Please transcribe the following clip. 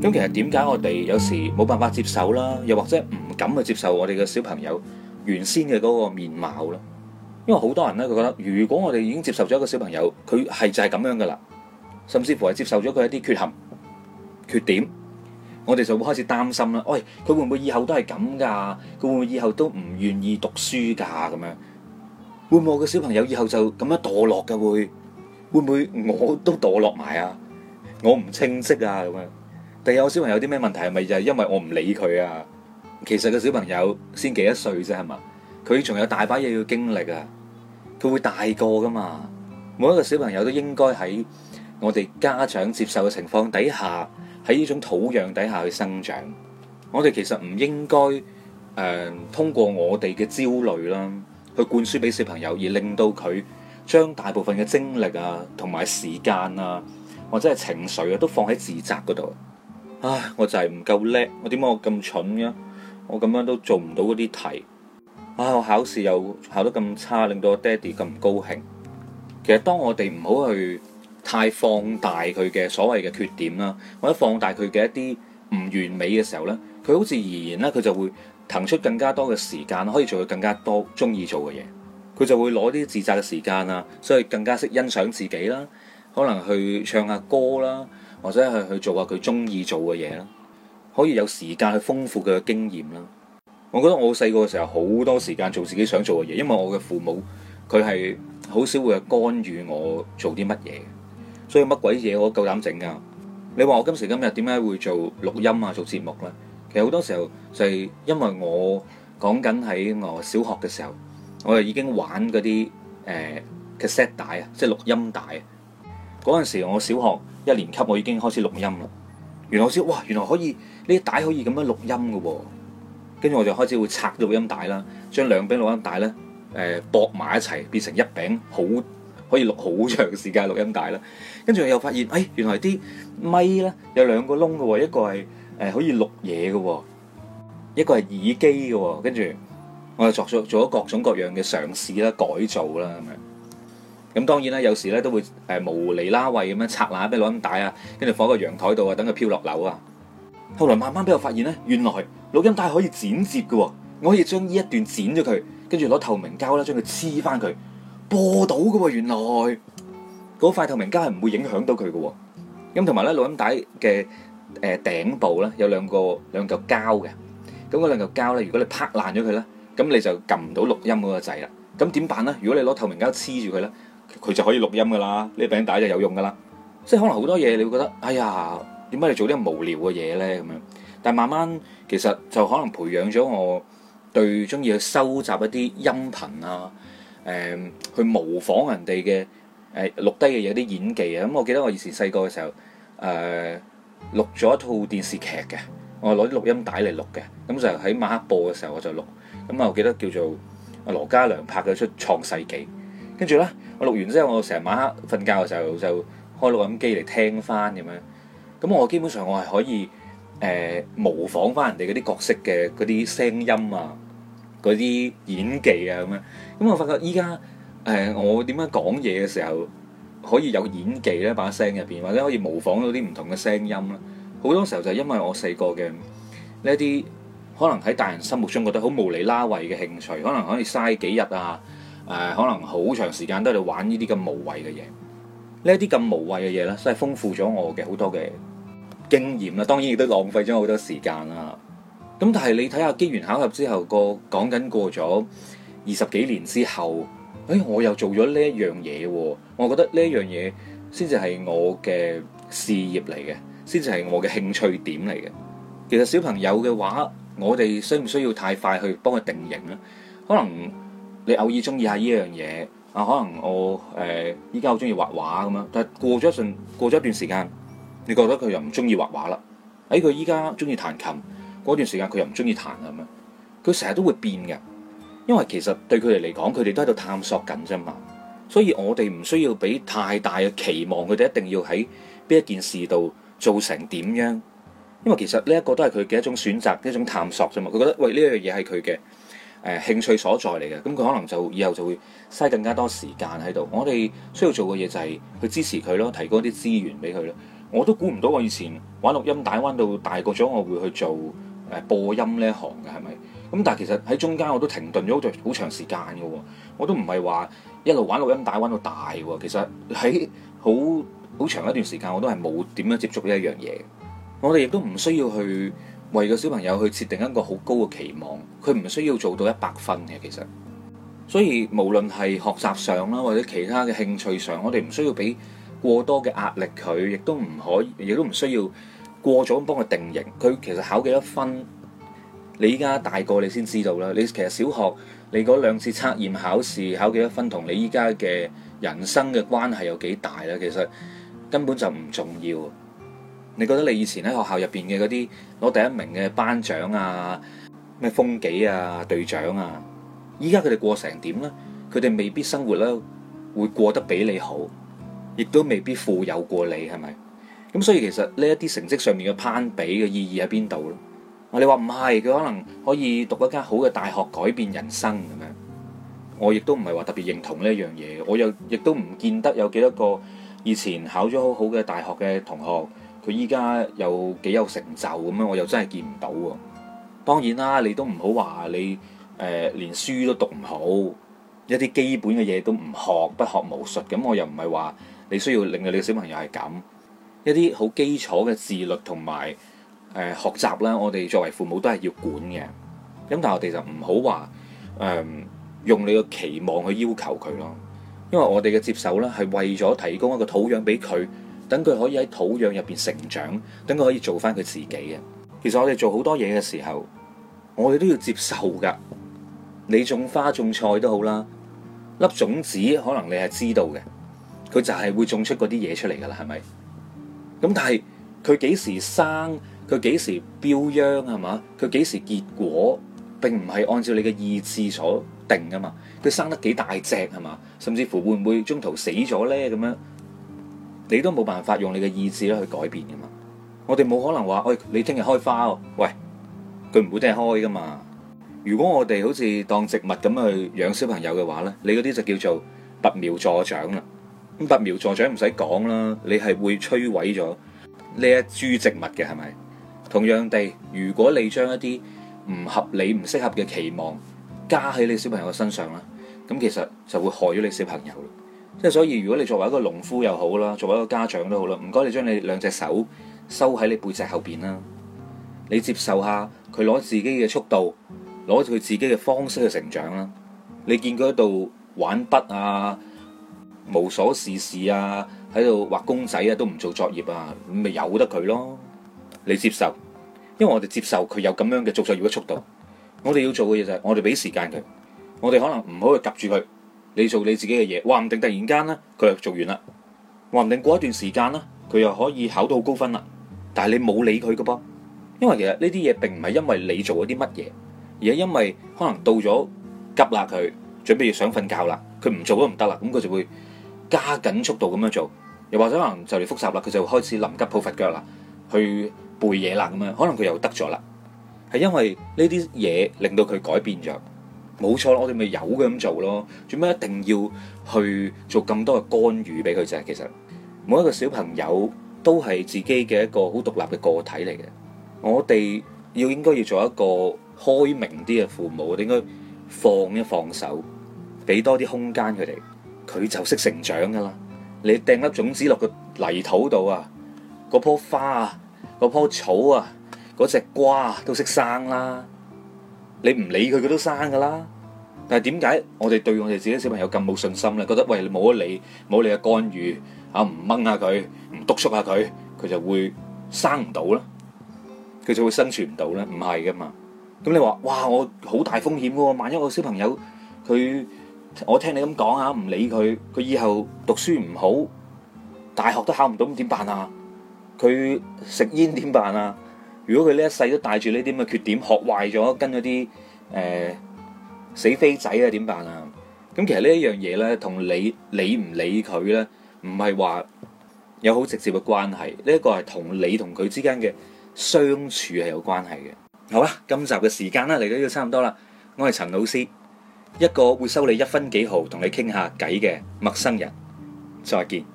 咁其實點解我哋有時冇辦法接受啦，又或者唔敢去接受我哋嘅小朋友原先嘅嗰個面貌咧？因為好多人咧，佢覺得如果我哋已經接受咗一個小朋友，佢係就係咁樣噶啦，甚至乎係接受咗佢一啲缺陷、缺點，我哋就會開始擔心啦。喂、哎，佢會唔會以後都係咁噶？佢會唔會以後都唔願意讀書噶？咁樣會唔會我嘅小朋友以後就咁樣墮落噶？會會唔會我都墮落埋啊？我唔清晰啊咁樣。第二，有小朋友有啲咩問題係咪就係因為我唔理佢啊？其實個小朋友先幾多歲啫，係嘛？佢仲有大把嘢要經歷啊！佢會大個噶嘛？每一個小朋友都應該喺我哋家長接受嘅情況底下，喺呢種土壤底下去生長。我哋其實唔應該誒、呃、通過我哋嘅焦慮啦，去灌輸俾小朋友，而令到佢將大部分嘅精力啊，同埋時間啊，或者係情緒啊，都放喺自責嗰度。唉，我就係唔夠叻，我點解我咁蠢嘅？我咁樣都做唔到嗰啲題。啊，我考試又考得咁差，令到我爹哋咁唔高興。其實當我哋唔好去太放大佢嘅所謂嘅缺點啦，或者放大佢嘅一啲唔完美嘅時候呢，佢好似而然呢，佢就會騰出更加多嘅時間，可以做佢更加多中意做嘅嘢。佢就會攞啲自責嘅時間啦，所以更加識欣賞自己啦，可能去唱下歌啦。或者係去做下佢中意做嘅嘢啦，可以有時間去豐富佢嘅經驗啦。我覺得我細個嘅時候好多時間做自己想做嘅嘢，因為我嘅父母佢係好少會去干預我做啲乜嘢，所以乜鬼嘢我都夠膽整㗎。你話我今時今日點解會做錄音啊，做節目呢？其實好多時候就係因為我講緊喺我小學嘅時候，我就已經玩嗰啲誒 cassette 帶啊，即係錄音帶啊。嗰陣時我小學，一年級我已經開始錄音啦，原來我知哇，原來可以呢啲帶可以咁樣錄音嘅喎，哦，跟住我就開始會拆錄音帶啦，將兩柄錄音帶咧誒薄埋一齊，變成一柄好可以錄好長時間錄音帶啦，跟住我又發現誒、哎、原來啲咪咧有兩個窿嘅喎，一個係誒、呃、可以錄嘢嘅喎，一個係耳機嘅喎，跟住我又作咗做咗各種各樣嘅嘗試啦、改造啦咁樣。咁當然啦，有時咧都會誒、呃、無厘啦位咁樣拆爛啊，畀錄音帶啊，跟住放喺個陽台度啊，等佢飄落樓啊。後來慢慢俾我發現咧，原來錄音帶可以剪接嘅。我可以將呢一段剪咗佢，跟住攞透明膠咧，將佢黐翻佢播到嘅。原來嗰塊透明膠係唔會影響到佢嘅。咁同埋咧，錄音帶嘅誒、呃、頂部咧有兩個兩嚿膠嘅。咁嗰兩嚿膠咧，如果你拍爛咗佢咧，咁你就撳唔到錄音嗰個掣啦。咁點辦咧？如果你攞透明膠黐住佢咧，佢就可以錄音噶啦，呢啲餅帶就有用噶啦。即係可能好多嘢，你會覺得，「哎呀，點解你做啲無聊嘅嘢呢？」咁樣，但慢慢其實就可能培養咗我對鍾意去收集一啲音頻啊，誒、呃，去模仿人哋嘅誒錄低嘅嘢。啲演技啊。咁、嗯、我記得我以前細個嘅時候，誒、呃、錄咗一套電視劇嘅，我攞啲錄音帶嚟錄嘅，咁就喺晚黑播嘅時候我就錄。咁、嗯、啊，我記得叫做羅嘉良拍嘅出《創世紀》。跟住咧，我錄完之後，我成日晚黑瞓覺嘅時候就開錄音機嚟聽翻咁樣。咁我基本上我係可以誒、呃、模仿翻人哋嗰啲角色嘅嗰啲聲音啊，嗰啲演技啊咁樣。咁我發覺依家誒我點樣講嘢嘅時候，可以有演技咧，把聲入邊，或者可以模仿到啲唔同嘅聲音咧。好多時候就因為我細個嘅呢啲可能喺大人心目中覺得好無厘啦喂嘅興趣，可能可以嘥幾日啊。誒，可能好長時間都喺度玩呢啲咁無謂嘅嘢，呢一啲咁無謂嘅嘢咧，真係豐富咗我嘅好多嘅經驗啦。當然亦都浪費咗好多時間啦。咁但係你睇下，機緣巧合之後，個講緊過咗二十幾年之後，誒、哎，我又做咗呢一樣嘢，我覺得呢一樣嘢先至係我嘅事業嚟嘅，先至係我嘅興趣點嚟嘅。其實小朋友嘅話，我哋需唔需要太快去幫佢定型咧？可能？你偶爾中意下呢樣嘢啊，可能我誒依家好中意畫畫咁樣，但係過咗一陣，過咗一段時間，你覺得佢又唔中意畫畫啦。喺佢依家中意彈琴，嗰段時間佢又唔中意彈啦咁樣。佢成日都會變嘅，因為其實對佢哋嚟講，佢哋都喺度探索緊啫嘛。所以我哋唔需要俾太大嘅期望，佢哋一定要喺邊一件事度做成點樣。因為其實呢一個都係佢嘅一種選擇，一種探索啫嘛。佢覺得喂，呢樣嘢係佢嘅。這個誒興趣所在嚟嘅，咁佢可能就以後就會嘥更加多時間喺度。我哋需要做嘅嘢就係去支持佢咯，提供啲資源俾佢咯。我都估唔到我以前玩錄音帶玩到大個咗，我會去做誒播音呢一行嘅，係咪？咁但係其實喺中間我都停頓咗好長時間嘅喎，我都唔係話一路玩錄音帶玩到大喎。其實喺好好長一段時間我都係冇點樣接觸呢一樣嘢。我哋亦都唔需要去。為個小朋友去設定一個好高嘅期望，佢唔需要做到一百分嘅其實。所以無論係學習上啦，或者其他嘅興趣上，我哋唔需要俾過多嘅壓力佢，亦都唔可以，亦都唔需要過早咁幫佢定型。佢其實考幾多分，你依家大個你先知道啦。你其實小學你嗰兩次測驗考試考幾多分，同你依家嘅人生嘅關係有幾大咧？其實根本就唔重要。你覺得你以前喺學校入邊嘅嗰啲攞第一名嘅班長啊，咩風紀啊、隊長啊，依家佢哋過成點呢？佢哋未必生活咧會過得比你好，亦都未必富有過你，係咪？咁所以其實呢一啲成績上面嘅攀比嘅意義喺邊度咧？你話唔係佢可能可以讀一間好嘅大學改變人生咁樣，我亦都唔係話特別認同呢一樣嘢。我又亦都唔見得有幾多個以前考咗好好嘅大學嘅同學。佢依家有幾有成就咁樣，我又真係見唔到喎。當然啦，你都唔好話你誒、呃、連書都讀唔好，一啲基本嘅嘢都唔學，不學無術。咁我又唔係話你需要令到你小朋友係咁一啲好基礎嘅自律同埋誒學習咧。我哋作為父母都係要管嘅。咁但係我哋就唔好話誒用你嘅期望去要求佢咯。因為我哋嘅接受咧係為咗提供一個土壤俾佢。等佢可以喺土壤入邊成長，等佢可以做翻佢自己嘅。其實我哋做好多嘢嘅時候，我哋都要接受噶。你種花種菜都好啦，粒種子可能你係知道嘅，佢就係會種出嗰啲嘢出嚟噶啦，係咪？咁但係佢幾時生，佢幾時飆秧係嘛？佢幾時結果，並唔係按照你嘅意志所定噶嘛？佢生得幾大隻係嘛？甚至乎會唔會中途死咗咧？咁樣？你都冇辦法用你嘅意志咧去改變噶嘛？我哋冇可能話，哎哦，喂，你聽日開花哦，喂，佢唔會聽日開噶嘛？如果我哋好似當植物咁去養小朋友嘅話呢，你嗰啲就叫做拔苗助長啦。咁拔苗助長唔使講啦，你係會摧毀咗呢一株植物嘅，係咪？同樣地，如果你將一啲唔合理、唔適合嘅期望加喺你小朋友嘅身上啦，咁其實就會害咗你小朋友。即係所以，如果你作為一個農夫又好啦，作為一個家長都好啦，唔該你將你兩隻手收喺你背脊後邊啦，你接受下佢攞自己嘅速度，攞佢自己嘅方式去成長啦。你見佢喺度玩筆啊，無所事事啊，喺度畫公仔啊，都唔做作業啊，咁咪由得佢咯。你接受，因為我哋接受佢有咁樣嘅做作業嘅速度，我哋要做嘅嘢就係我哋俾時間佢，我哋可能唔好去夾住佢。你做你自己嘅嘢，話唔定突然間咧佢又做完啦，話唔定過一段時間咧佢又可以考到高分啦。但係你冇理佢㗎噃，因為其實呢啲嘢並唔係因為你做咗啲乜嘢，而係因為可能到咗急啦，佢準備要想瞓覺啦，佢唔做都唔得啦，咁佢就會加緊速度咁樣做，又或者可能就嚟複習啦，佢就開始臨急抱佛腳啦，去背嘢啦咁樣，可能佢又得咗啦，係因為呢啲嘢令到佢改變咗。冇錯，我哋咪有咁做咯，做咩一定要去做咁多嘅干預俾佢啫？其實每一個小朋友都係自己嘅一個好獨立嘅個體嚟嘅，我哋要應該要做一個開明啲嘅父母，我哋應該放一放手，俾多啲空間佢哋，佢就識成長噶啦。你掟粒種，種子落個泥土度啊，嗰樖花啊，嗰樖草啊，嗰隻瓜都識生啦。你唔理佢，佢都生噶啦。但係點解我哋對我哋自己小朋友咁冇信心咧？覺得喂你冇得理，冇你嘅干預啊，唔掹下佢，唔督促下佢，佢就會生唔到啦，佢就，就會生存唔到咧，唔係噶嘛。咁你話哇，我好大風險喎，萬一我小朋友佢，我聽你咁講啊，唔理佢，佢以後讀書唔好，大學都考唔到，咁點辦啊？佢食煙點辦啊？如果佢呢一世都帶住呢啲咁嘅缺點，學壞咗，跟嗰啲誒死飛仔啊，點辦啊？咁其實呢一樣嘢咧，同你理唔理佢咧，唔係話有好直接嘅關係，呢一個係同你同佢之間嘅相處係有關係嘅。好啊，今集嘅時間啦，嚟到呢度差唔多啦。我係陳老師，一個會收你一分幾毫同你傾下偈嘅陌生人，再見。